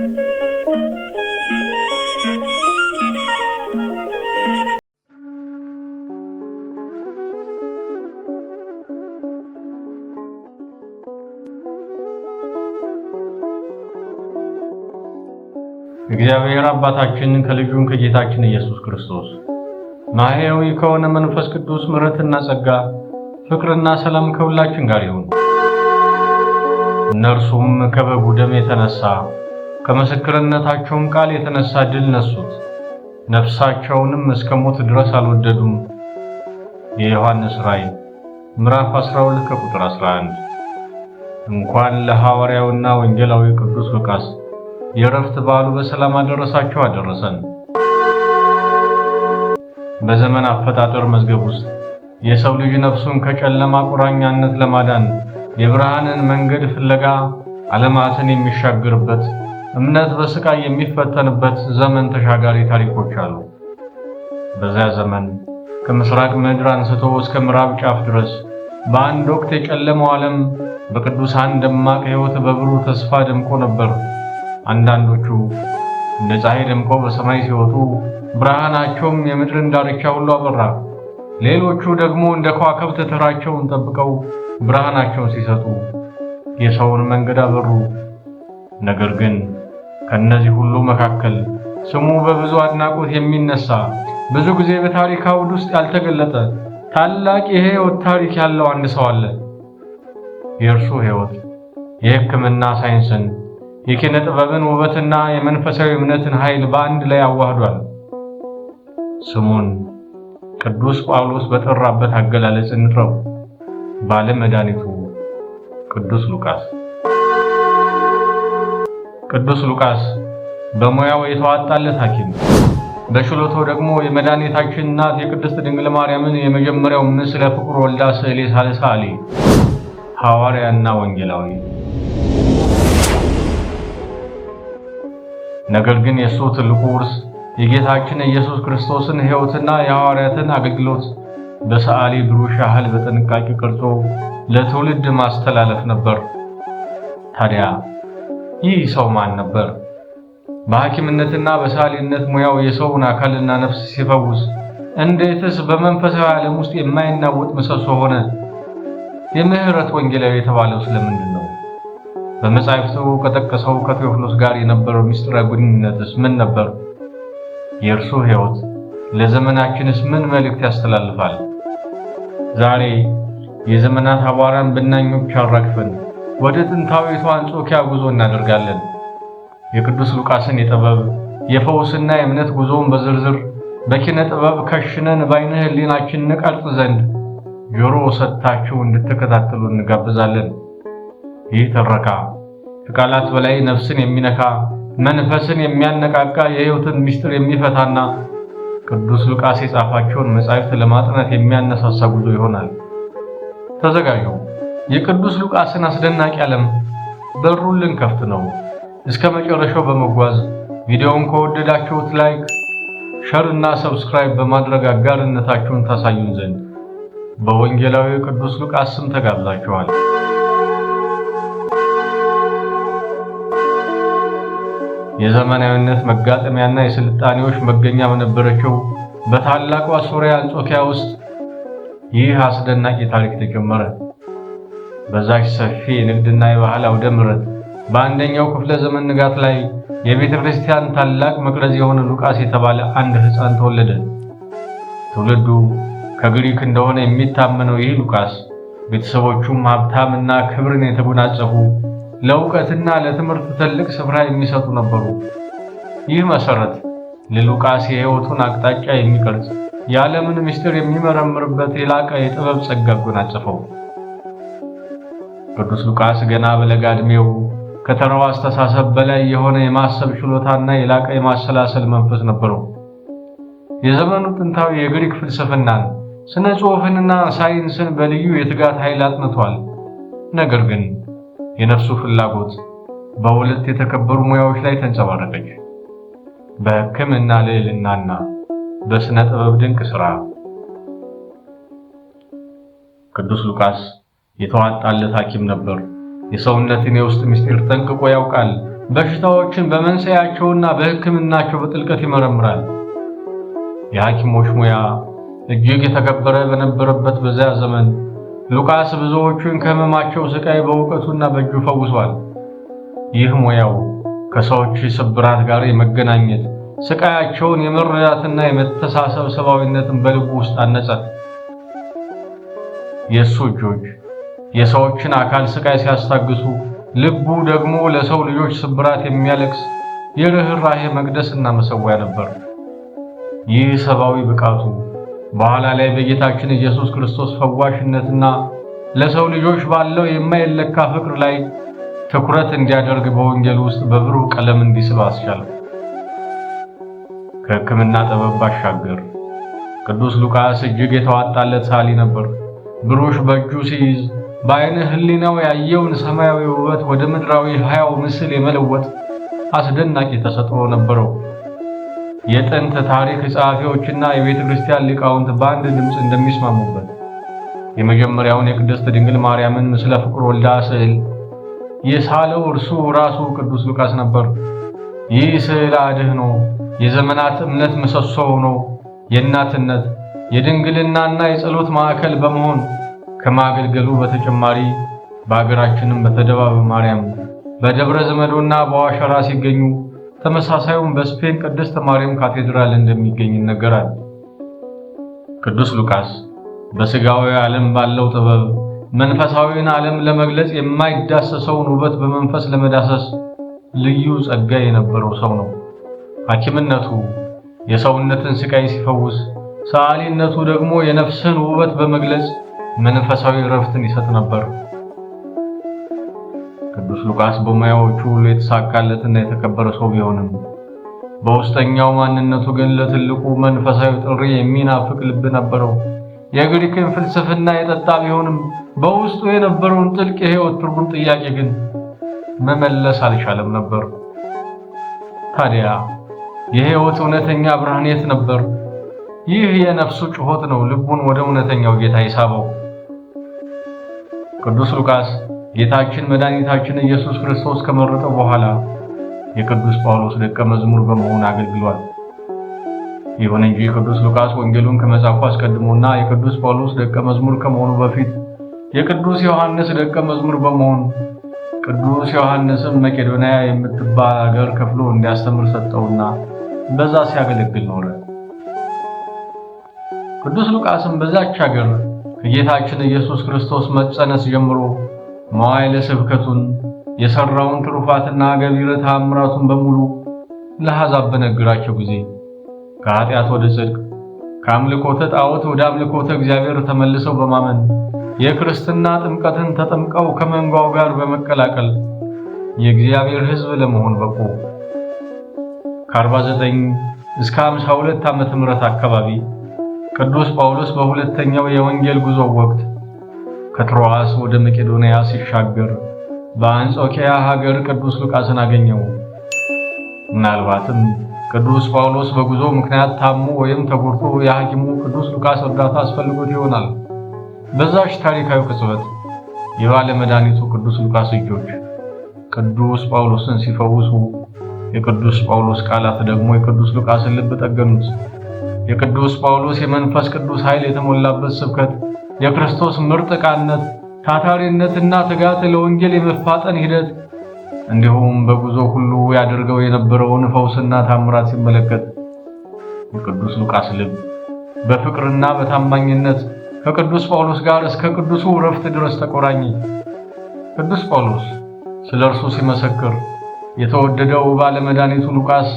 እግዚአብሔር አባታችን ከልጁን ከጌታችን ኢየሱስ ክርስቶስ ማህያዊ ከሆነ መንፈስ ቅዱስ ምሕረትና ጸጋ ፍቅርና ሰላም ከሁላችን ጋር ይሁን። እነርሱም ከበጉ ደም የተነሳ ከምስክርነታቸውም ቃል የተነሳ ድል ነሱት፣ ነፍሳቸውንም እስከ ሞት ድረስ አልወደዱም። የዮሐንስ ራእይ ምዕራፍ 12 ከቁጥር 11። እንኳን ለሐዋርያውና ወንጌላዊ ቅዱስ ሉቃስ የእረፍት በዓሉ በሰላም አደረሳቸው አደረሰን። በዘመን አፈጣጠር መዝገብ ውስጥ የሰው ልጅ ነፍሱን ከጨለማ ቁራኛነት ለማዳን የብርሃንን መንገድ ፍለጋ ዓለማትን የሚሻገርበት እምነት በስቃይ የሚፈተንበት ዘመን ተሻጋሪ ታሪኮች አሉ። በዚያ ዘመን ከምስራቅ ምድር አንስቶ እስከ ምዕራብ ጫፍ ድረስ በአንድ ወቅት የጨለመው ዓለም በቅዱሳን ደማቅ ሕይወት በብሩህ ተስፋ ደምቆ ነበር። አንዳንዶቹ እንደ ፀሐይ ደምቆ በሰማይ ሲወጡ፣ ብርሃናቸውም የምድርን ዳርቻ ሁሉ አበራ። ሌሎቹ ደግሞ እንደ ከዋክብት ተራቸውን ጠብቀው ብርሃናቸውን ሲሰጡ የሰውን መንገድ አበሩ። ነገር ግን ከእነዚህ ሁሉ መካከል ስሙ በብዙ አድናቆት የሚነሳ ብዙ ጊዜ በታሪክ አውድ ውስጥ ያልተገለጠ ታላቅ የሕይወት ታሪክ ያለው አንድ ሰው አለ። የእርሱ ሕይወት የህክምና ሳይንስን፣ የኪነ ጥበብን ውበትና የመንፈሳዊ እምነትን ኃይል በአንድ ላይ አዋህዷል። ስሙን ቅዱስ ጳውሎስ በጠራበት አገላለጽ እንጥረው ባለ መድኃኒቱ ቅዱስ ሉቃስ ቅዱስ ሉቃስ በሙያው የተዋጣለት ሐኪም በችሎታው ደግሞ የመድኃኒታችን እናት የቅድስት ድንግል ማርያምን የመጀመሪያው ምስለ ፍቁር ወልዳ ስዕሌ ሳልሳሊ ሐዋርያና ወንጌላዊ። ነገር ግን የእሱ ትልቁ ውርስ የጌታችን ኢየሱስ ክርስቶስን ሕይወትና የሐዋርያትን አገልግሎት በሰዓሊ ብሩሽ ያህል በጥንቃቄ ቀርጾ ለትውልድ ማስተላለፍ ነበር። ታዲያ ይህ ሰው ማን ነበር? በሐኪምነትና በሳሊነት ሙያው የሰውን አካልና ነፍስ ሲፈውስ እንዴትስ በመንፈሳዊ ዓለም ውስጥ የማይናወጥ ምሰሶ ሆነ? የምህረት ወንጌላዊ የተባለው ስለምንድን ነው? በመጻሕፍቱ ከጠቀሰው ከቴዎፍሎስ ጋር የነበረው ምስጢራዊ ግንኙነትስ ምን ነበር? የእርሱ ሕይወት ለዘመናችንስ ምን መልእክት ያስተላልፋል? ዛሬ የዘመናት አቧራን ብናኞች አራግፈን ወደ ጥንታዊቷ አንጾኪያ ጉዞ እናደርጋለን። የቅዱስ ሉቃስን የጥበብ የፈውስና የእምነት ጉዞውን በዝርዝር በኪነ ጥበብ ከሽነን ባይነ ሕሊናችን ንቀርጽ ዘንድ ጆሮ ሰጥታችሁ እንድትከታተሉ እንጋብዛለን። ይህ ትረካ ከቃላት በላይ ነፍስን የሚነካ መንፈስን የሚያነቃቃ የሕይወትን ምስጢር የሚፈታና ቅዱስ ሉቃስ የጻፋቸውን መጻሕፍት ለማጥናት የሚያነሳሳ ጉዞ ይሆናል። ተዘጋጁ። የቅዱስ ሉቃስን አስደናቂ ዓለም በሩን ልንከፍት ነው። እስከ መጨረሻው በመጓዝ ቪዲዮውን ከወደዳችሁት ላይክ፣ ሸር እና ሰብስክራይብ በማድረግ አጋርነታችሁን ታሳዩን ዘንድ በወንጌላዊ ቅዱስ ሉቃስ ስም ተጋብዛችኋል። የዘመናዊነት መጋጠሚያና የስልጣኔዎች መገኛ በነበረችው በታላቋ ሶሪያ አንጾኪያ ውስጥ ይህ አስደናቂ ታሪክ ተጀመረ። በዛች ሰፊ የንግድና የባህል አውደ ምሕረት በአንደኛው ክፍለ ዘመን ንጋት ላይ የቤተ ክርስቲያን ታላቅ መቅረዝ የሆነ ሉቃስ የተባለ አንድ ሕፃን ተወለደ። ትውልዱ ከግሪክ እንደሆነ የሚታመነው ይህ ሉቃስ ቤተሰቦቹም ሀብታምና ክብርን የተጎናጸፉ ለእውቀትና ለትምህርት ትልቅ ስፍራ የሚሰጡ ነበሩ። ይህ መሠረት ለሉቃስ የሕይወቱን አቅጣጫ የሚቀርጽ የዓለምን ምስጢር የሚመረምርበት የላቀ የጥበብ ጸጋ ጎናጸፈው። ቅዱስ ሉቃስ ገና በለጋ ዕድሜው ከተራው አስተሳሰብ በላይ የሆነ የማሰብ ችሎታና የላቀ የማሰላሰል መንፈስ ነበረው። የዘመኑ ጥንታዊ የግሪክ ፍልስፍናን፣ ስነ ጽሑፍንና ሳይንስን በልዩ የትጋት ኃይል አጥንቷል። ነገር ግን የነፍሱ ፍላጎት በሁለት የተከበሩ ሙያዎች ላይ ተንጸባረቀች። በሕክምና ልዕልናና በሥነ ጥበብ ድንቅ ሥራ ቅዱስ ሉቃስ የተዋጣለት ሐኪም ነበር። የሰውነትን የውስጥ ምስጢር ጠንቅቆ ያውቃል። በሽታዎችን በመንስኤያቸውና በሕክምናቸው በጥልቀት ይመረምራል። የሐኪሞች ሙያ እጅግ የተከበረ በነበረበት በዚያ ዘመን ሉቃስ ብዙዎቹን ከሕመማቸው ሥቃይ በእውቀቱና በእጁ ፈውሷል። ይህ ሙያው ከሰዎች ስብራት ጋር የመገናኘት ሥቃያቸውን የመረዳትና የመተሳሰብ ሰብአዊነትን በልቡ ውስጥ አነጸ። የእሱ እጆች የሰዎችን አካል ስቃይ ሲያስታግሱ ልቡ ደግሞ ለሰው ልጆች ስብራት የሚያለቅስ የርኅራሄ እና መሠዊያ ነበር። ይህ ሰብአዊ ብቃቱ በኋላ ላይ በጌታችን ኢየሱስ ክርስቶስ ፈዋሽነትና ለሰው ልጆች ባለው የማይለካ ፍቅር ላይ ትኩረት እንዲያደርግ በወንጌል ውስጥ በብሩህ ቀለም እንዲስብ አስቻለ። ከሕክምና ጥበብ ባሻገር ቅዱስ ሉቃስ እጅግ የተዋጣለት ሳሊ ነበር። ብሩሽ በእጁ ሲይዝ በአይነ ህሊናው ያየውን ሰማያዊ ውበት ወደ ምድራዊ ሕያው ምስል የመለወጥ አስደናቂ ተሰጥኦ ነበረው። የጥንት ታሪክ ጸሐፊዎችና የቤተ ክርስቲያን ሊቃውንት በአንድ ድምፅ እንደሚስማሙበት የመጀመሪያውን የቅድስት ድንግል ማርያምን ምስለ ፍቁር ወልዳ ስዕል የሳለው እርሱ ራሱ ቅዱስ ሉቃስ ነበር። ይህ ስዕል አድህ ነው፣ የዘመናት እምነት ምሰሶ ሆኖ የእናትነት የድንግልናና የጸሎት ማዕከል በመሆን ከማገልገሉ በተጨማሪ በአገራችንም በተደባበ ማርያም በደብረ ዘመዶና በዋሸራ ሲገኙ ተመሳሳዩም በስፔን ቅድስተ ማርያም ካቴድራል እንደሚገኝ ይነገራል። ቅዱስ ሉቃስ በሥጋዊ ዓለም ባለው ጥበብ መንፈሳዊን ዓለም ለመግለጽ የማይዳሰሰውን ውበት በመንፈስ ለመዳሰስ ልዩ ጸጋ የነበረው ሰው ነው። ሐኪምነቱ የሰውነትን ሥቃይ ሲፈውስ፣ ሰዓሊነቱ ደግሞ የነፍስን ውበት በመግለጽ መንፈሳዊ ረፍትን ይሰጥ ነበር። ቅዱስ ሉቃስ በሙያዎቹ ሁሉ የተሳካለትና የተከበረ ሰው ቢሆንም በውስጠኛው ማንነቱ ግን ለትልቁ መንፈሳዊ ጥሪ የሚናፍቅ ልብ ነበረው። የግሪክን ፍልስፍና የጠጣ ቢሆንም በውስጡ የነበረውን ጥልቅ የሕይወት ትርጉም ጥያቄ ግን መመለስ አልቻለም ነበር። ታዲያ የሕይወት እውነተኛ ብርሃን የት ነበር? ይህ የነፍሱ ጩኸት ነው ልቡን ወደ እውነተኛው ጌታ ይሳበው። ቅዱስ ሉቃስ ጌታችን መድኃኒታችን ኢየሱስ ክርስቶስ ከመረጠ በኋላ የቅዱስ ጳውሎስ ደቀ መዝሙር በመሆን አገልግሏል። ይሁን እንጂ ቅዱስ ሉቃስ ወንጌሉን ከመጻፉ አስቀድሞና የቅዱስ ጳውሎስ ደቀ መዝሙር ከመሆኑ በፊት የቅዱስ ዮሐንስ ደቀ መዝሙር በመሆን ቅዱስ ዮሐንስም መቄዶንያ የምትባል አገር ከፍሎ እንዲያስተምር ሰጠውና በዛ ሲያገለግል ኖረ። ቅዱስ ሉቃስም በዛች አገር ከጌታችን ኢየሱስ ክርስቶስ መጸነስ ጀምሮ መዋይለ ስብከቱን የሰራውን ትሩፋትና ገቢረ ተአምራቱን በሙሉ ለአሕዛብ በነገራቸው ጊዜ ከኀጢአት ወደ ጽድቅ ከአምልኮተ ጣዖት ወደ አምልኮተ እግዚአብሔር ተመልሰው በማመን የክርስትና ጥምቀትን ተጠምቀው ከመንጋው ጋር በመቀላቀል የእግዚአብሔር ሕዝብ ለመሆን በቁ። ከ49 እስከ 52 ዓመተ ምረት አካባቢ ቅዱስ ጳውሎስ በሁለተኛው የወንጌል ጉዞ ወቅት ከትሮአስ ወደ መቄዶንያ ሲሻገር በአንጾኪያ ሀገር ቅዱስ ሉቃስን አገኘው። ምናልባትም ቅዱስ ጳውሎስ በጉዞ ምክንያት ታሞ ወይም ተጎድቶ የሐኪሙ ቅዱስ ሉቃስ እርዳታ አስፈልጎት ይሆናል። በዛች ታሪካዊ ቅጽበት የባለመድኃኒቱ ቅዱስ ሉቃስ እጆች ቅዱስ ጳውሎስን ሲፈውሱ፣ የቅዱስ ጳውሎስ ቃላት ደግሞ የቅዱስ ሉቃስን ልብ ጠገኑት። የቅዱስ ጳውሎስ የመንፈስ ቅዱስ ኃይል የተሞላበት ስብከት፣ የክርስቶስ ምርጥ ዕቃነት፣ ታታሪነትና ትጋት ለወንጌል የመፋጠን ሂደት እንዲሁም በጉዞ ሁሉ ያደርገው የነበረውን ፈውስና ታምራት ሲመለከት የቅዱስ ሉቃስ ልብ በፍቅርና በታማኝነት ከቅዱስ ጳውሎስ ጋር እስከ ቅዱሱ እረፍት ድረስ ተቆራኘ። ቅዱስ ጳውሎስ ስለ እርሱ ሲመሰክር የተወደደው ባለመድኃኒቱ ሉቃስ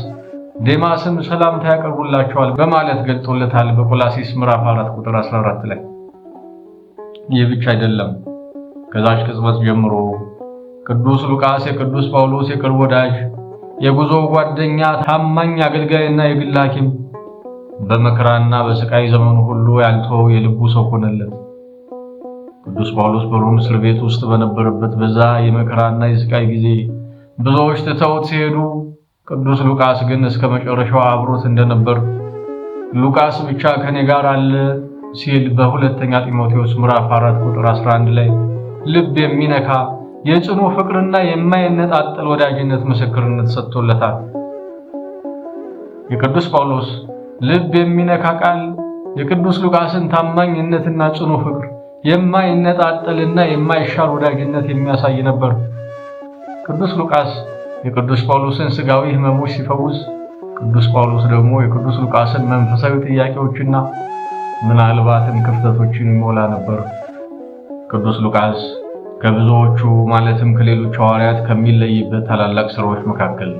ዴማስም ሰላምታ ያቀርቡላቸዋል በማለት ገልጦለታል በቆላሲስ ምዕራፍ 4 ቁጥር 14 ላይ። ይህ ብቻ አይደለም። ከዛች ቅጽበት ጀምሮ ቅዱስ ሉቃስ የቅዱስ ጳውሎስ የቅርብ ወዳጅ፣ የጉዞ ጓደኛ፣ ታማኝ አገልጋይና የግል ሐኪም በመከራና በስቃይ ዘመኑ ሁሉ ያልተወው የልቡ ሰው ሆነለት። ቅዱስ ጳውሎስ በሮም እስር ቤት ውስጥ በነበረበት በዛ የመከራና የስቃይ ጊዜ ብዙዎች ትተውት ሲሄዱ ቅዱስ ሉቃስ ግን እስከ መጨረሻው አብሮት እንደነበር ሉቃስ ብቻ ከኔ ጋር አለ ሲል በሁለተኛ ጢሞቴዎስ ምዕራፍ 4 ቁጥር 11 ላይ ልብ የሚነካ የጽኑ ፍቅርና የማይነጣጠል ወዳጅነት ምስክርነት ሰጥቶለታል። የቅዱስ ጳውሎስ ልብ የሚነካ ቃል የቅዱስ ሉቃስን ታማኝነትና ጽኑ ፍቅር የማይነጣጠልና የማይሻር ወዳጅነት የሚያሳይ ነበር። ቅዱስ ሉቃስ የቅዱስ ጳውሎስን ስጋዊ ሕመሞች ሲፈውስ፣ ቅዱስ ጳውሎስ ደግሞ የቅዱስ ሉቃስን መንፈሳዊ ጥያቄዎችና ምናልባትም ክፍተቶችን ይሞላ ነበር። ቅዱስ ሉቃስ ከብዙዎቹ ማለትም ከሌሎች ሐዋርያት ከሚለይበት ታላላቅ ሥራዎች መካከል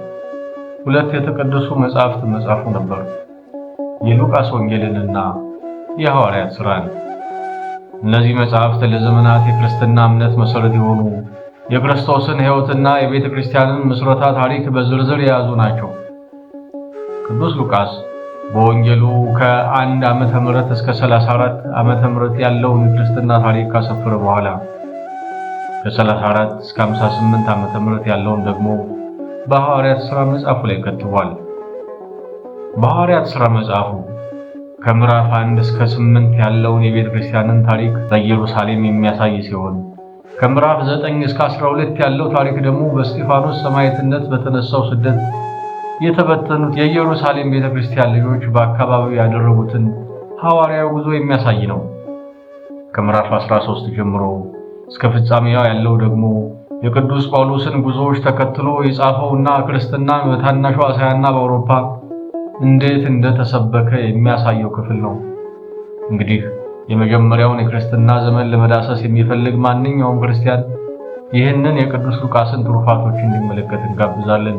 ሁለት የተቀደሱ መጻሕፍት መጻፉ ነበር፣ የሉቃስ ወንጌልንና የሐዋርያት ሥራን። እነዚህ መጻሕፍት ለዘመናት የክርስትና እምነት መሠረት የሆኑ የክርስቶስን ሕይወትና የቤተ ክርስቲያንን ምስረታ ታሪክ በዝርዝር የያዙ ናቸው። ቅዱስ ሉቃስ በወንጌሉ ከአንድ ዓመተ ምሕረት እስከ 34 ዓመተ ምሕረት ያለውን ክርስትና ታሪክ ካሰፈረ በኋላ ከ34 እስከ 58 ዓመተ ምሕረት ያለውን ደግሞ በሐዋርያት ሥራ መጽሐፉ ላይ ከትቧል። በሐዋርያት ሥራ መጽሐፉ ከምዕራፍ 1 እስከ 8 ያለውን የቤተ ክርስቲያንን ታሪክ በኢየሩሳሌም የሚያሳይ ሲሆን ከምዕራፍ 9 እስከ 12 ያለው ታሪክ ደግሞ በእስጢፋኖስ ሰማዕትነት በተነሳው ስደት የተበተኑት የኢየሩሳሌም ቤተክርስቲያን ልጆች በአካባቢው ያደረጉትን ሐዋርያዊ ጉዞ የሚያሳይ ነው። ከምዕራፍ 13 ጀምሮ እስከ ፍጻሜው ያለው ደግሞ የቅዱስ ጳውሎስን ጉዞዎች ተከትሎ የጻፈውና ክርስትናን በታናሿ አሳያና በአውሮፓ እንዴት እንደተሰበከ የሚያሳየው ክፍል ነው። እንግዲህ የመጀመሪያውን የክርስትና ዘመን ለመዳሰስ የሚፈልግ ማንኛውም ክርስቲያን ይህንን የቅዱስ ሉቃስን ትሩፋቶች እንዲመለከት እንጋብዛለን።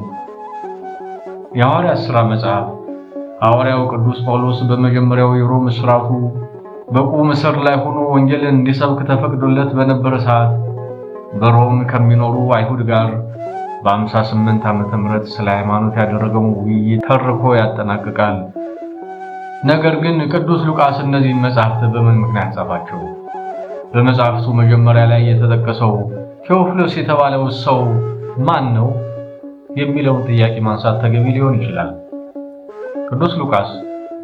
የሐዋርያት ሥራ መጽሐፍ ሐዋርያው ቅዱስ ጳውሎስ በመጀመሪያው የሮም እስራቱ በቁም እስር ላይ ሆኖ ወንጌልን እንዲሰብክ ተፈቅዶለት በነበረ ሰዓት በሮም ከሚኖሩ አይሁድ ጋር በ58 ዓመተ ምህረት ስለ ሃይማኖት ያደረገውን ውይይት ተርኮ ያጠናቅቃል። ነገር ግን ቅዱስ ሉቃስ እነዚህን መጻሕፍት በምን ምክንያት ጻፋቸው? በመጽሐፍቱ መጀመሪያ ላይ የተጠቀሰው ቴዎፍሎስ የተባለው ሰው ማን ነው የሚለውን ጥያቄ ማንሳት ተገቢ ሊሆን ይችላል። ቅዱስ ሉቃስ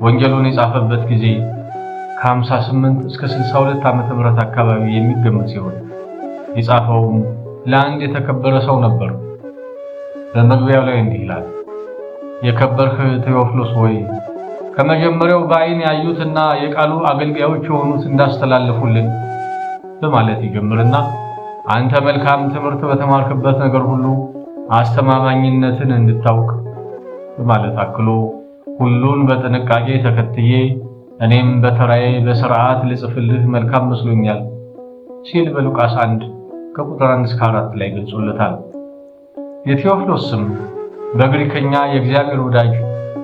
ወንጌሉን የጻፈበት ጊዜ ከ58 እስከ 62 ዓመተ ምህረት አካባቢ የሚገመት ሲሆን የጻፈውም ለአንድ የተከበረ ሰው ነበር። በመግቢያው ላይ እንዲህ ይላል፣ የከበርህ ቴዎፍሎስ ወይ ከመጀመሪያው በዓይን ያዩትና የቃሉ አገልጋዮች የሆኑት እንዳስተላለፉልን በማለት ይጀምርና አንተ መልካም ትምህርት በተማርክበት ነገር ሁሉ አስተማማኝነትን እንድታውቅ በማለት አክሎ ሁሉን በጥንቃቄ ተከትዬ እኔም በተራዬ በስርዓት ልጽፍልህ መልካም መስሎኛል ሲል በሉቃስ 1 ከቁጥር 1 እስከ 4 ላይ ገልጾለታል። የቴዎፍሎስም ስም በግሪከኛ የእግዚአብሔር ወዳጅ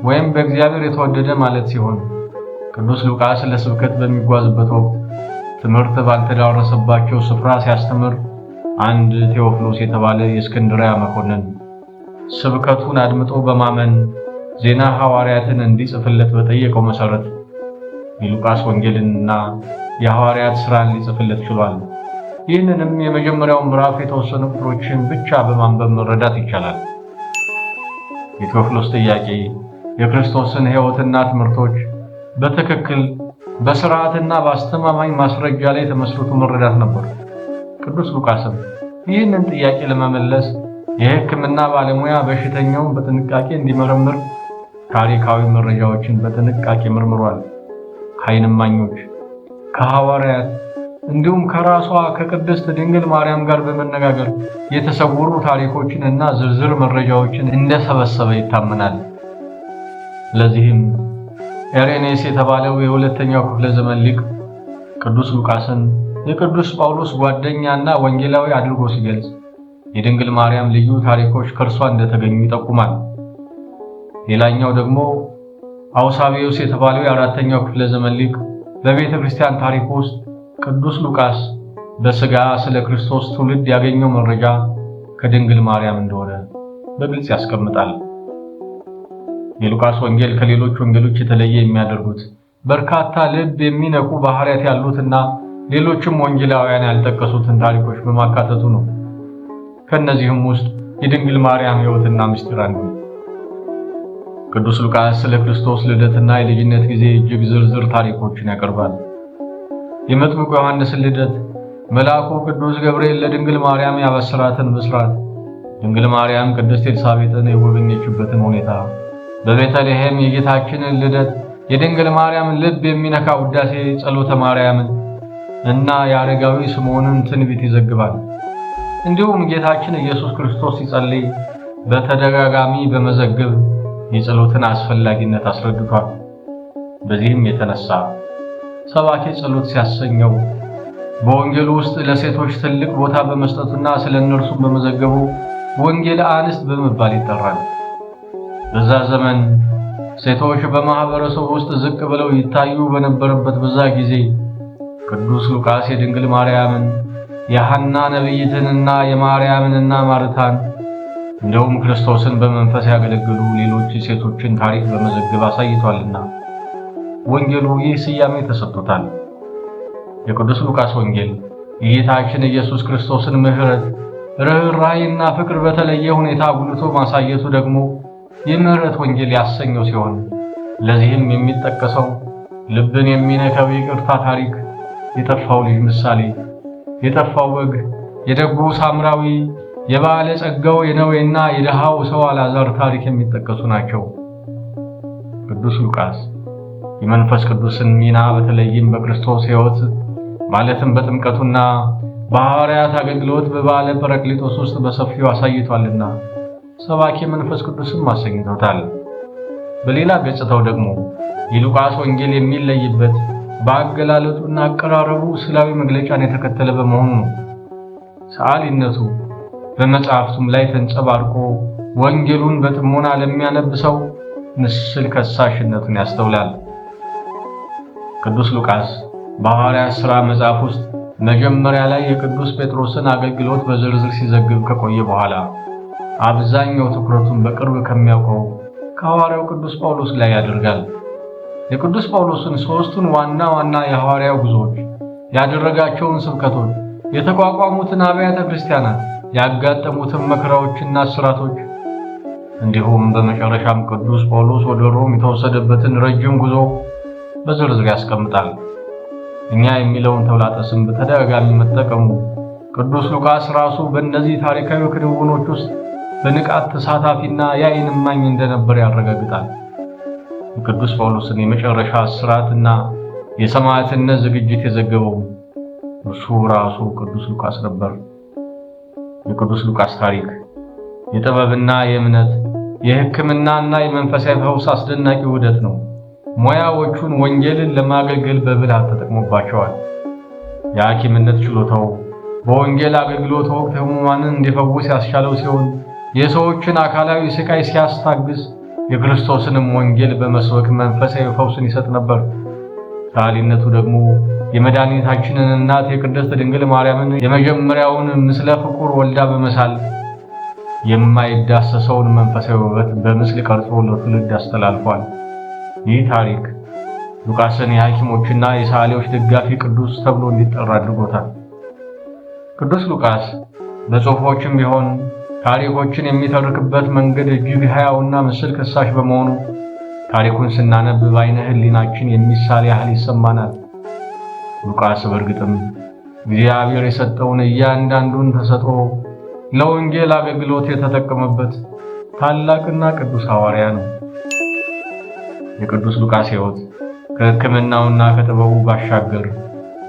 ወይም በእግዚአብሔር የተወደደ ማለት ሲሆን ቅዱስ ሉቃስ ለስብከት በሚጓዝበት ወቅት ትምህርት ባልተዳረሰባቸው ስፍራ ሲያስተምር አንድ ቴዎፍሎስ የተባለ የእስክንድርያ መኮንን ስብከቱን አድምጦ በማመን ዜና ሐዋርያትን እንዲጽፍለት በጠየቀው መሠረት የሉቃስ ወንጌልንና የሐዋርያት ሥራን ሊጽፍለት ችሏል። ይህንንም የመጀመሪያውን ምዕራፍ የተወሰኑ ቁጥሮችን ብቻ በማንበብ መረዳት ይቻላል። የቴዎፍሎስ ጥያቄ የክርስቶስን ሕይወትና ትምህርቶች በትክክል በስርዓትና በአስተማማኝ ማስረጃ ላይ ተመስርቶ መረዳት ነበር። ቅዱስ ሉቃስም ይህንን ጥያቄ ለመመለስ የሕክምና ባለሙያ በሽተኛውን በጥንቃቄ እንዲመረምር ታሪካዊ መረጃዎችን በጥንቃቄ መርምሯል። ከዓይን እማኞች፣ ከሐዋርያት እንዲሁም ከራሷ ከቅድስት ድንግል ማርያም ጋር በመነጋገር የተሰወሩ ታሪኮችን እና ዝርዝር መረጃዎችን እንደሰበሰበ ይታመናል። ለዚህም ኤሬኔስ የተባለው የሁለተኛው ክፍለ ዘመን ሊቅ ቅዱስ ሉቃስን የቅዱስ ጳውሎስ ጓደኛና ወንጌላዊ አድርጎ ሲገልጽ የድንግል ማርያም ልዩ ታሪኮች ከእርሷ እንደተገኙ ይጠቁማል። ሌላኛው ደግሞ አውሳቢዮስ የተባለው የአራተኛው ክፍለ ዘመን ሊቅ በቤተ ክርስቲያን ታሪክ ውስጥ ቅዱስ ሉቃስ በሥጋ ስለ ክርስቶስ ትውልድ ያገኘው መረጃ ከድንግል ማርያም እንደሆነ በግልጽ ያስቀምጣል። የሉቃስ ወንጌል ከሌሎች ወንጌሎች የተለየ የሚያደርጉት በርካታ ልብ የሚነቁ ባህሪያት ያሉትና ሌሎችም ወንጌላውያን ያልጠቀሱትን ታሪኮች በማካተቱ ነው። ከእነዚህም ውስጥ የድንግል ማርያም ሕይወትና ምስጢር አንዱ ነው። ቅዱስ ሉቃስ ስለ ክርስቶስ ልደትና የልጅነት ጊዜ እጅግ ዝርዝር ታሪኮችን ያቀርባል። የመጥምቁ ዮሐንስን ልደት፣ መልአኩ ቅዱስ ገብርኤል ለድንግል ማርያም ያበስራትን ብስራት፣ ድንግል ማርያም ቅድስት ኤልሳቤጥን የጎበኘችበትን ሁኔታ በቤተልሔም የጌታችንን ልደት የድንግል ማርያምን ልብ የሚነካ ውዳሴ ጸሎተ ማርያምን እና የአረጋዊ ስምዖንን ትንቢት ይዘግባል። እንዲሁም ጌታችን ኢየሱስ ክርስቶስ ሲጸልይ በተደጋጋሚ በመዘግብ የጸሎትን አስፈላጊነት አስረድቷል። በዚህም የተነሳ ሰባኬ ጸሎት ሲያሰኘው በወንጌሉ ውስጥ ለሴቶች ትልቅ ቦታ በመስጠቱና ስለ እነርሱም በመዘገቡ ወንጌል አንስት በመባል ይጠራል። በዛ ዘመን ሴቶች በማኅበረሰቡ ውስጥ ዝቅ ብለው ይታዩ በነበረበት በዛ ጊዜ ቅዱስ ሉቃስ የድንግል ማርያምን የሐና ነቢይትንና የማርያምንና ማርታን እንደውም ክርስቶስን በመንፈስ ያገለግሉ ሌሎች ሴቶችን ታሪክ በመዘገብ አሳይቷልና ወንጌሉ ይህ ስያሜ ተሰጥቶታል። የቅዱስ ሉቃስ ወንጌል የጌታችን ኢየሱስ ክርስቶስን ምሕረት ርኅራኄና ፍቅር በተለየ ሁኔታ አጉልቶ ማሳየቱ ደግሞ የምህረት ወንጌል ያሰኘው ሲሆን ለዚህም የሚጠቀሰው ልብን የሚነካው የይቅርታ ታሪክ፣ የጠፋው ልጅ ምሳሌ፣ የጠፋው በግ፣ የደጉ ሳምራዊ፣ የባለ ጸጋው የነዌና የደሃው ሰው አልዓዛር ታሪክ የሚጠቀሱ ናቸው። ቅዱስ ሉቃስ የመንፈስ ቅዱስን ሚና በተለይም በክርስቶስ ሕይወት ማለትም በጥምቀቱና በሐዋርያት አገልግሎት በበዓለ ጰራቅሊጦስ ውስጥ በሰፊው አሳይቷልና ሰባኪ መንፈስ ቅዱስም አሰኝቶታል። በሌላ ገጽታው ደግሞ የሉቃስ ወንጌል የሚለይበት በአገላለጡና አቀራረቡ ስዕላዊ መግለጫን የተከተለ በመሆኑ ነው። ሰዓሊነቱ በመጽሐፍቱም ላይ ተንጸባርቆ ወንጌሉን በጥሞና ለሚያነብ ሰው ምስል ከሳሽነቱን ያስተውላል። ቅዱስ ሉቃስ በሐዋርያት ሥራ መጽሐፍ ውስጥ መጀመሪያ ላይ የቅዱስ ጴጥሮስን አገልግሎት በዝርዝር ሲዘግብ ከቆየ በኋላ አብዛኛው ትኩረቱን በቅርብ ከሚያውቀው ከሐዋርያው ቅዱስ ጳውሎስ ላይ ያደርጋል። የቅዱስ ጳውሎስን ሦስቱን ዋና ዋና የሐዋርያው ጉዞዎች፣ ያደረጋቸውን ስብከቶች፣ የተቋቋሙትን አብያተ ክርስቲያናት፣ ያጋጠሙትን መከራዎችና ስራቶች እንዲሁም በመጨረሻም ቅዱስ ጳውሎስ ወደ ሮም የተወሰደበትን ረጅም ጉዞ በዝርዝር ያስቀምጣል። እኛ የሚለውን ተውላጠ ስም በተደጋጋሚ መጠቀሙ ቅዱስ ሉቃስ ራሱ በእነዚህ ታሪካዊ ክንውኖች ውስጥ በንቃት ተሳታፊና የዓይን እማኝ እንደነበር ያረጋግጣል። የቅዱስ ጳውሎስን የመጨረሻ ስርዓትና የሰማዕትነት ዝግጅት የዘገበው እርሱ ራሱ ቅዱስ ሉቃስ ነበር። የቅዱስ ሉቃስ ታሪክ የጥበብና የእምነት የሕክምናና የመንፈሳዊ ፈውስ አስደናቂ ውህደት ነው። ሙያዎቹን ወንጌልን ለማገልገል በብልሃት ተጠቅሞባቸዋል። የሐኪምነት ችሎታው በወንጌል አገልግሎት ወቅት ሕሙማንን እንዲፈውስ ያስቻለው ሲሆን የሰዎችን አካላዊ ስቃይ ሲያስታግስ የክርስቶስንም ወንጌል በመስበክ መንፈሳዊ ፈውስን ይሰጥ ነበር። ሰዓሊነቱ ደግሞ የመድኃኒታችንን እናት የቅድስት ድንግል ማርያምን የመጀመሪያውን ምስለ ፍቁር ወልዳ በመሳል የማይዳሰሰውን መንፈሳዊ ውበት በምስል ቀርጾ ለትውልድ አስተላልፏል። ይህ ታሪክ ሉቃስን የሐኪሞችና የሰዓሊዎች ደጋፊ ቅዱስ ተብሎ እንዲጠራ አድርጎታል። ቅዱስ ሉቃስ በጽሑፎችም ቢሆን ታሪኮችን የሚተርክበት መንገድ እጅግ ሕያውና ምስል ከሳሽ በመሆኑ ታሪኩን ስናነብ በዓይነ ሕሊናችን የሚሳል ያህል ይሰማናል። ሉቃስ በእርግጥም እግዚአብሔር የሰጠውን እያንዳንዱን ተሰጥኦ ለወንጌል አገልግሎት የተጠቀመበት ታላቅና ቅዱስ ሐዋርያ ነው። የቅዱስ ሉቃስ ሕይወት ከሕክምናውና ከጥበቡ ባሻገር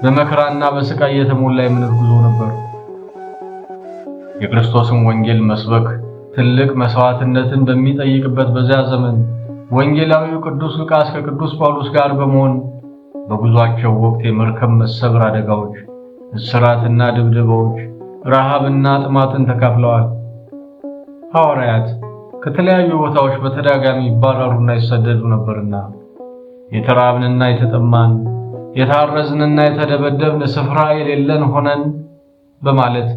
በመከራና በስቃይ የተሞላ የእምነት ጉዞ ነበር። የክርስቶስን ወንጌል መስበክ ትልቅ መስዋዕትነትን በሚጠይቅበት በዚያ ዘመን ወንጌላዊው ቅዱስ ሉቃስ ከቅዱስ ጳውሎስ ጋር በመሆን በጉዟቸው ወቅት የመርከብ መሰብር አደጋዎች፣ እስራትና ድብድባዎች፣ ረሃብና ጥማትን ተካፍለዋል። ሐዋርያት ከተለያዩ ቦታዎች በተደጋጋሚ ይባረሩና ይሰደዱ ነበርና የተራብንና የተጠማን የታረዝንና የተደበደብን ስፍራ የሌለን ሆነን በማለት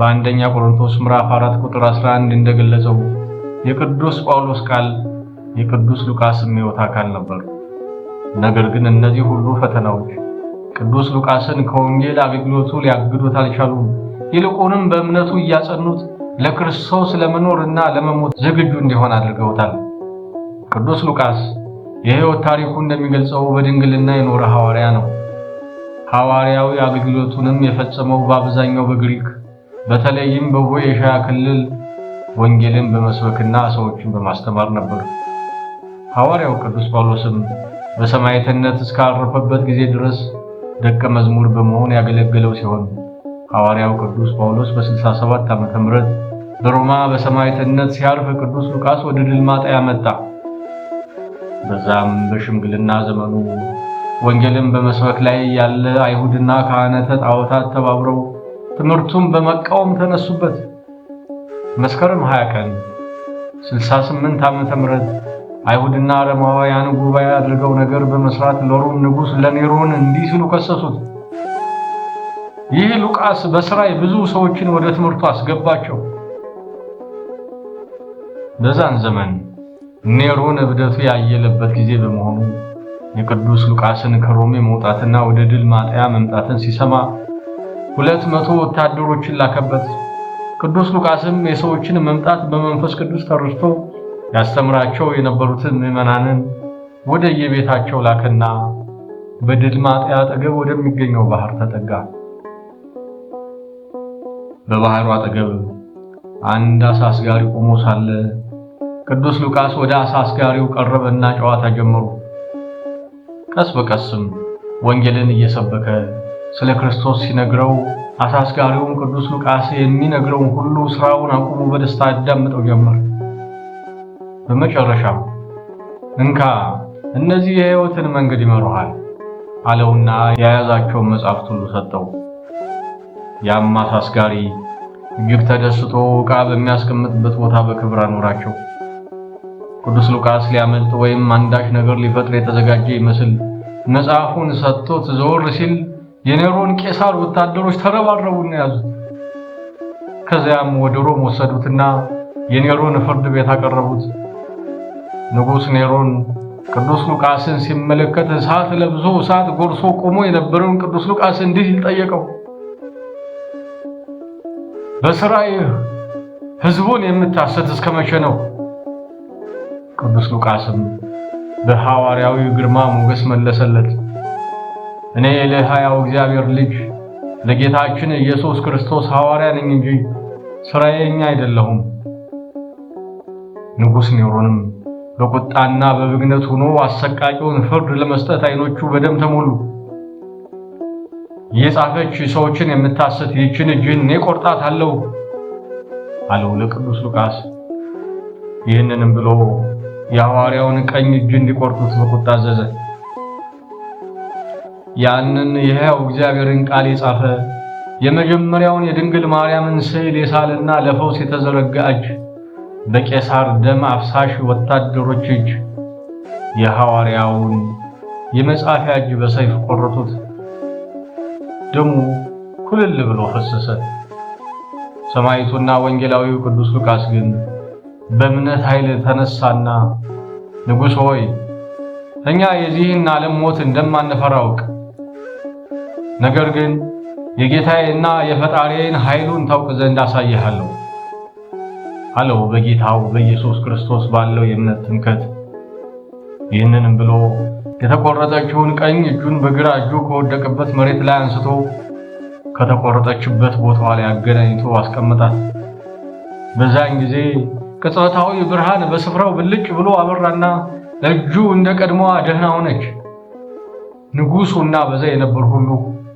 በአንደኛ ቆሮንቶስ ምዕራፍ 4 ቁጥር 11 እንደገለጸው የቅዱስ ጳውሎስ ቃል የቅዱስ ሉቃስም ሕይወት አካል ነበር። ነገር ግን እነዚህ ሁሉ ፈተናዎች ቅዱስ ሉቃስን ከወንጌል አገልግሎቱ ሊያግዱት አልቻሉም። ይልቁንም በእምነቱ እያጸኑት ለክርስቶስ ለመኖርና ለመሞት ዝግጁ እንዲሆን አድርገውታል። ቅዱስ ሉቃስ የሕይወት ታሪኩ እንደሚገልጸው በድንግልና የኖረ ሐዋርያ ነው። ሐዋርያዊ አገልግሎቱንም የፈጸመው በአብዛኛው በግሪክ በተለይም በቦኤሻ ክልል ወንጌልን በመስበክና ሰዎችን በማስተማር ነበር። ሐዋርያው ቅዱስ ጳውሎስም በሰማዕትነት እስካረፈበት ጊዜ ድረስ ደቀ መዝሙር በመሆን ያገለገለው ሲሆን ሐዋርያው ቅዱስ ጳውሎስ በ67 ዓመተ ምህረት በሮማ በሰማዕትነት ሲያርፍ ቅዱስ ሉቃስ ወደ ድልማጥያ መጣ። በዛም በሽምግልና ዘመኑ ወንጌልን በመስበክ ላይ ያለ አይሁድና ካህናተ ጣዖታት ተባብረው ትምህርቱን በመቃወም ተነሱበት። መስከረም 20 ቀን 68 ዓመተ ምህረት አይሁድና አረማውያን ጉባኤ አድርገው ነገር በመስራት ለሮም ንጉሥ ለኔሮን እንዲህ ሲሉ ከሰሱት። ይህ ሉቃስ በስራይ ብዙ ሰዎችን ወደ ትምህርቱ አስገባቸው። በዛን ዘመን ኔሮን እብደቱ ያየለበት ጊዜ በመሆኑ የቅዱስ ሉቃስን ከሮሜ መውጣትና ወደ ድል ማጣያ መምጣትን ሲሰማ ሁለት መቶ ወታደሮችን ላከበት። ቅዱስ ሉቃስም የሰዎችን መምጣት በመንፈስ ቅዱስ ተረድቶ ያስተምራቸው የነበሩትን ምዕመናንን ወደ የቤታቸው ላከና በድልማጥያ አጠገብ ወደሚገኘው ባህር ተጠጋ። በባህሩ አጠገብ አንድ አሳ አስጋሪ ቆሞ ሳለ ቅዱስ ሉቃስ ወደ አሳ አስጋሪው ቀረበና ጨዋታ ጀመሩ። ቀስ በቀስም ወንጌልን እየሰበከ ስለ ክርስቶስ ሲነግረው አሳስጋሪውም ቅዱስ ሉቃስ የሚነግረውን ሁሉ ሥራውን አቁሞ በደስታ ያዳምጠው ጀመር። በመጨረሻም እንካ እነዚህ የሕይወትን መንገድ ይመሩሃል አለውና የያዛቸውን መጽሐፍት ሁሉ ሰጠው። ያም አሳስጋሪ እጅግ ተደስቶ ዕቃ በሚያስቀምጥበት ቦታ በክብር አኖራቸው። ቅዱስ ሉቃስ ሊያመልጥ ወይም አንዳች ነገር ሊፈጥር የተዘጋጀ ይመስል መጽሐፉን ሰጥቶት ዘወር ሲል የኔሮን ቄሳር ወታደሮች ተረባረቡና ያዙት። ከዚያም ወደ ሮም ወሰዱትና የኔሮን ፍርድ ቤት አቀረቡት። ንጉሥ ኔሮን ቅዱስ ሉቃስን ሲመለከት እሳት ለብሶ እሳት ጎርሶ ቆሞ የነበረውን ቅዱስ ሉቃስ እንዲህ ሲል ጠየቀው፣ ህዝቡን ሕዝቡን የምታሰት እስከ መቼ ነው? ቅዱስ ሉቃስም በሐዋርያዊ ግርማ ሞገስ መለሰለት። እኔ ለሕያው እግዚአብሔር ልጅ ለጌታችን ኢየሱስ ክርስቶስ ሐዋርያ ነኝ እንጂ ሥራዬኛ አይደለሁም። ንጉሥ ኔሮንም በቁጣና በብግነት ሆኖ አሰቃቂውን ፍርድ ለመስጠት ዓይኖቹ በደም ተሞሉ። የጻፈች ሰዎችን የምታስት ይችን እጅን እኔ ቆርጣታለሁ አለው ለቅዱስ ሉቃስ። ይህንንም ብሎ የሐዋርያውን ቀኝ እጅ እንዲቆርጡት በቁጣ አዘዘ። ያንን የሕያው እግዚአብሔርን ቃል የጻፈ የመጀመሪያውን የድንግል ማርያምን ስዕል የሳለና ለፈውስ የተዘረጋ እጅ በቄሳር ደም አፍሳሽ ወታደሮች እጅ የሐዋርያውን የመጻፊያ እጅ በሰይፍ ቆረጡት። ደሙ ኩልል ብሎ ፈሰሰ። ሰማይቱና ወንጌላዊው ቅዱስ ሉቃስ ግን በእምነት ኃይል ተነሳና ንጉሥ ሆይ እኛ የዚህን ዓለም ሞት እንደማንፈራ አውቅ። ነገር ግን የጌታዬና የፈጣሪዬን ኃይሉን ታውቅ ዘንድ አሳይሃለሁ አለው በጌታው በኢየሱስ ክርስቶስ ባለው የእምነት ትምከት። ይህንንም ብሎ የተቆረጠችውን ቀኝ እጁን በግራ እጁ ከወደቀበት መሬት ላይ አንስቶ ከተቆረጠችበት ቦታዋ ላይ አገናኝቶ አስቀመጣት። በዛን ጊዜ ቅጽበታዊ ብርሃን በስፍራው ብልጭ ብሎ አበራና ለእጁ እንደ ቀድሞዋ ደህና ሆነች። እና በዛ የነበር ሁሉ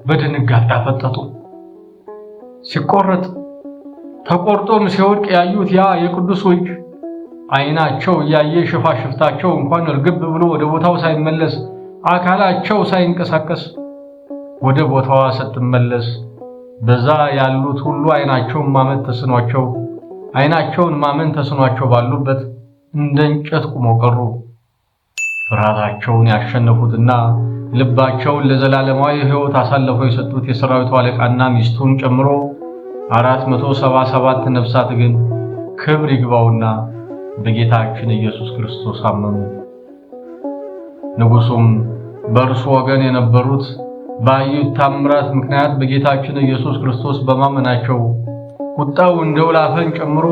በድንጋጤ አፈጠጡ። ሲቆረጥ ተቆርጦም ሲወድቅ ያዩት ያ የቅዱስ እጅ አይናቸው እያየ ሽፋሽፍታቸው እንኳን እርግብ ብሎ ወደ ቦታው ሳይመለስ አካላቸው ሳይንቀሳቀስ ወደ ቦታዋ ስትመለስ በዛ ያሉት ሁሉ አይናቸውን ማመን ተስኗቸው አይናቸውን ማመን ተስኗቸው ባሉበት እንደ እንጨት ቁመው ቀሩ። ፍርሃታቸውን ያሸነፉትና ልባቸውን ለዘላለማዊ ሕይወት አሳልፈው የሰጡት የሰራዊቱ አለቃና ሚስቱን ጨምሮ 477 ነፍሳት ግን ክብር ይግባውና በጌታችን ኢየሱስ ክርስቶስ አመኑ። ንጉሱም በእርሱ ወገን የነበሩት ባዩት ታምራት ምክንያት በጌታችን ኢየሱስ ክርስቶስ በማመናቸው ቁጣው እንደ ጨምሮ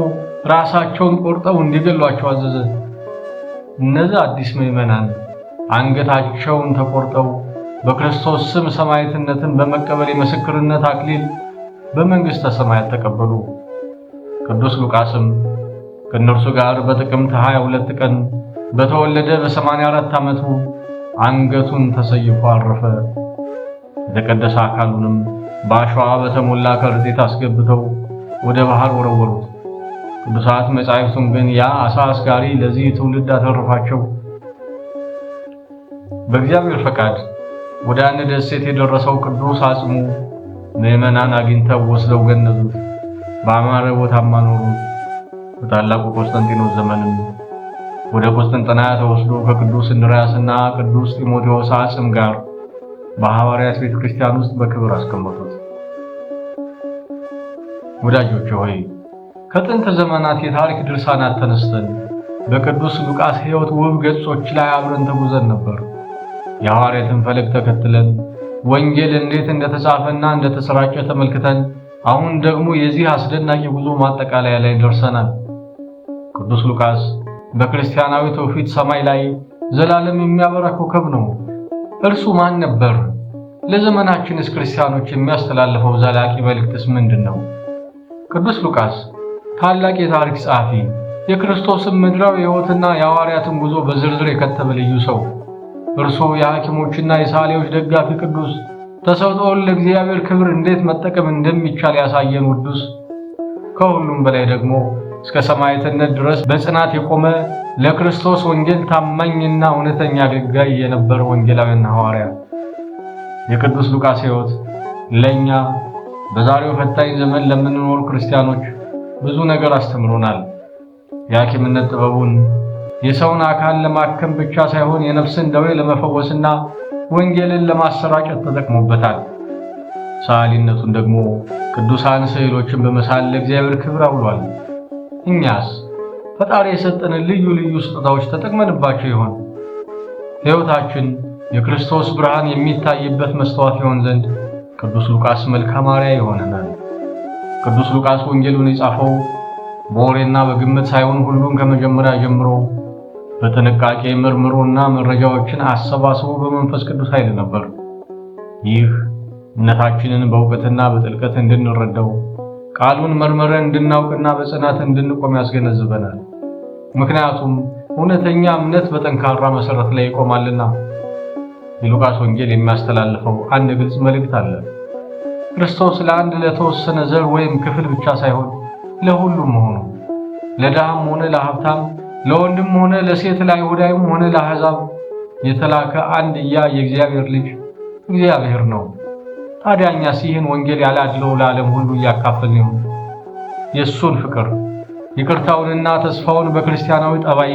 ራሳቸውን ቆርጠው እንዲገሏቸው አዘዘ። እነዛ አዲስ ምዕመናን አንገታቸውን ተቆርጠው በክርስቶስ ስም ሰማዕትነትን በመቀበል የምስክርነት አክሊል በመንግሥተ ሰማያት ተቀበሉ። ቅዱስ ሉቃስም ከእነርሱ ጋር በጥቅምት 22 ቀን በተወለደ በ84 ዓመቱ አንገቱን ተሰይፎ አረፈ። የተቀደሰ አካሉንም በአሸዋ በተሞላ ከርጤት አስገብተው ወደ ባህር ወረወሩት። ቅዱሳት መጻሕፍቱን ግን ያ አሳ አስጋሪ ለዚህ ትውልድ አተረፋቸው። በእግዚአብሔር ፈቃድ ወደ አንድ ደሴት የደረሰው ቅዱስ አጽሙ ምዕመናን አግኝተው ወስደው ገነዙት፣ በአማረ ቦታም አኖሩት። በታላቁ ቆስጠንጢኖስ ዘመንም ወደ ቆስጠንጥንያ ተወስዶ ከቅዱስ እንድርያስና ቅዱስ ጢሞቴዎስ አጽም ጋር በሐዋርያት ቤተ ክርስቲያን ውስጥ በክብር አስቀመጡት። ወዳጆች ሆይ ከጥንት ዘመናት የታሪክ ድርሳናት ተነስተን በቅዱስ ሉቃስ ሕይወት ውብ ገጾች ላይ አብረን ተጉዘን ነበር። የሐዋርያትን ፈለግ ተከትለን ወንጌል እንዴት እንደተጻፈና እንደተሰራጨ ተመልክተን አሁን ደግሞ የዚህ አስደናቂ ጉዞ ማጠቃለያ ላይ ደርሰናል። ቅዱስ ሉቃስ በክርስቲያናዊ ትውፊት ሰማይ ላይ ዘላለም የሚያበራ ኮከብ ነው። እርሱ ማን ነበር? ለዘመናችንስ ክርስቲያኖች የሚያስተላልፈው ዘላቂ መልእክትስ ምንድን ነው? ቅዱስ ሉቃስ ታላቅ የታሪክ ጸሐፊ፣ የክርስቶስን ምድራዊ ሕይወትና የሐዋርያትን ጉዞ በዝርዝር የከተበ ልዩ ሰው እርሱ የሐኪሞችና የሳሌዎች ደጋፊ ቅዱስ ተሰጥኦውን ለእግዚአብሔር ክብር እንዴት መጠቀም እንደሚቻል ያሳየን ቅዱስ ከሁሉም በላይ ደግሞ እስከ ሰማዕትነት ድረስ በጽናት የቆመ ለክርስቶስ ወንጌል ታማኝና እውነተኛ አገልጋይ የነበረ ወንጌላዊና ሐዋርያ የቅዱስ ሉቃስ ሕይወት ለእኛ በዛሬው ፈታኝ ዘመን ለምንኖር ክርስቲያኖች ብዙ ነገር አስተምሮናል። የሐኪምነት ጥበቡን የሰውን አካል ለማከም ብቻ ሳይሆን የነፍስን ደዌ ለመፈወስና ወንጌልን ለማሰራጨት ተጠቅሞበታል። ሰዓሊነቱን ደግሞ ቅዱሳን ስዕሎችን በመሳል ለእግዚአብሔር ክብር አውሏል። እኛስ ፈጣሪ የሰጠንን ልዩ ልዩ ስጦታዎች ተጠቅመንባቸው ይሆን? ሕይወታችን የክርስቶስ ብርሃን የሚታይበት መስተዋት ይሆን ዘንድ ቅዱስ ሉቃስ መልካም አርአያ ይሆነናል። ቅዱስ ሉቃስ ወንጌሉን የጻፈው በወሬና በግምት ሳይሆን ሁሉን ከመጀመሪያ ጀምሮ በጥንቃቄ ምርምሮና መረጃዎችን አሰባስቦ በመንፈስ ቅዱስ ኃይል ነበር። ይህ እምነታችንን በእውቀትና በጥልቀት እንድንረዳው ቃሉን መርምረን እንድናውቅና በጽናት እንድንቆም ያስገነዝበናል። ምክንያቱም እውነተኛ እምነት በጠንካራ መሠረት ላይ ይቆማልና። የሉቃስ ወንጌል የሚያስተላልፈው አንድ ግልጽ መልእክት አለ። ክርስቶስ ለአንድ ለተወሰነ ዘር ወይም ክፍል ብቻ ሳይሆን ለሁሉም መሆኑ ለድሃም ሆነ ለሀብታም ለወንድም ሆነ ለሴት ለአይሁዳዊም ሆነ ለአሕዛብ የተላከ አንድያ የእግዚአብሔር ልጅ እግዚአብሔር ነው። ታዲያ እኛስ ይህን ወንጌል ያለ ለዓለም ሁሉ እያካፈልን ይሁን። የእሱን ፍቅር ይቅርታውንና ተስፋውን በክርስቲያናዊ ጠባይ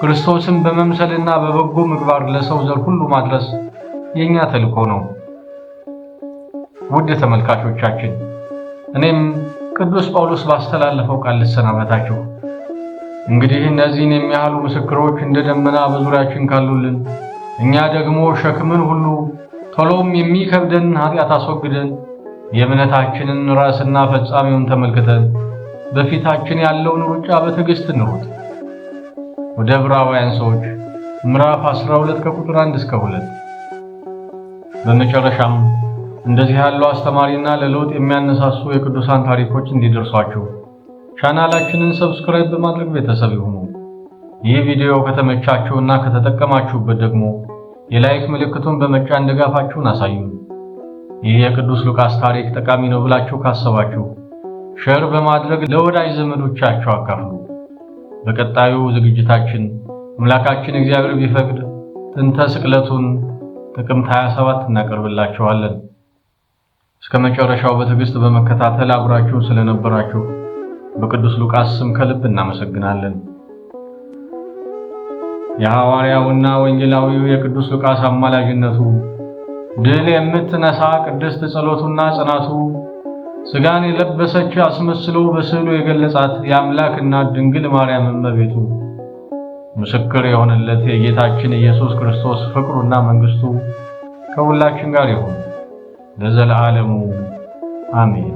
ክርስቶስን በመምሰልና በበጎ ምግባር ለሰው ዘር ሁሉ ማድረስ የኛ ተልእኮ ነው። ውድ ተመልካቾቻችን፣ እኔም ቅዱስ ጳውሎስ ባስተላለፈው ቃል ልሰናበታችሁ። እንግዲህ እነዚህን የሚያህሉ ምስክሮች እንደ ደመና በዙሪያችን ካሉልን እኛ ደግሞ ሸክምን ሁሉ ቶሎም የሚከብደን ኃጢአት አስወግደን የእምነታችንን ራስና ፈጻሚውን ተመልክተን በፊታችን ያለውን ሩጫ በትዕግሥት እንሩጥ። ወደ ዕብራውያን ሰዎች ምዕራፍ 12 ከቁጥር 1 እስከ 2። በመጨረሻም እንደዚህ ያለው አስተማሪና ለለውጥ የሚያነሳሱ የቅዱሳን ታሪኮች እንዲደርሷችሁ ቻናላችንን ሰብስክራይብ በማድረግ ቤተሰብ ይሁኑ። ይህ ቪዲዮ ከተመቻችሁና ከተጠቀማችሁበት ደግሞ የላይክ ምልክቱን በመጫን ድጋፋችሁን አሳዩ። ይህ የቅዱስ ሉቃስ ታሪክ ጠቃሚ ነው ብላችሁ ካሰባችሁ ሼር በማድረግ ለወዳጅ ዘመዶቻችሁ አካፍሉ። በቀጣዩ ዝግጅታችን አምላካችን እግዚአብሔር ቢፈቅድ ጥንተ ስቅለቱን ጥቅምት 27 እናቀርብላችኋለን። እስከ መጨረሻው በትዕግስት በመከታተል አብራችሁ ስለነበራችሁ በቅዱስ ሉቃስ ስም ከልብ እናመሰግናለን። የሐዋርያውና ወንጌላዊው የቅዱስ ሉቃስ አማላጅነቱ ድል የምትነሳ ቅድስት ጸሎቱና ጽናቱ ሥጋን የለበሰች አስመስሎ በስዕሉ የገለጻት የአምላክ ድንግል ማርያም እመቤቱ ምስክር የሆነለት የጌታችን ኢየሱስ ክርስቶስ ፍቅሩና መንግሥቱ ከሁላችን ጋር ይሁን ለዘለዓለሙ አሜን።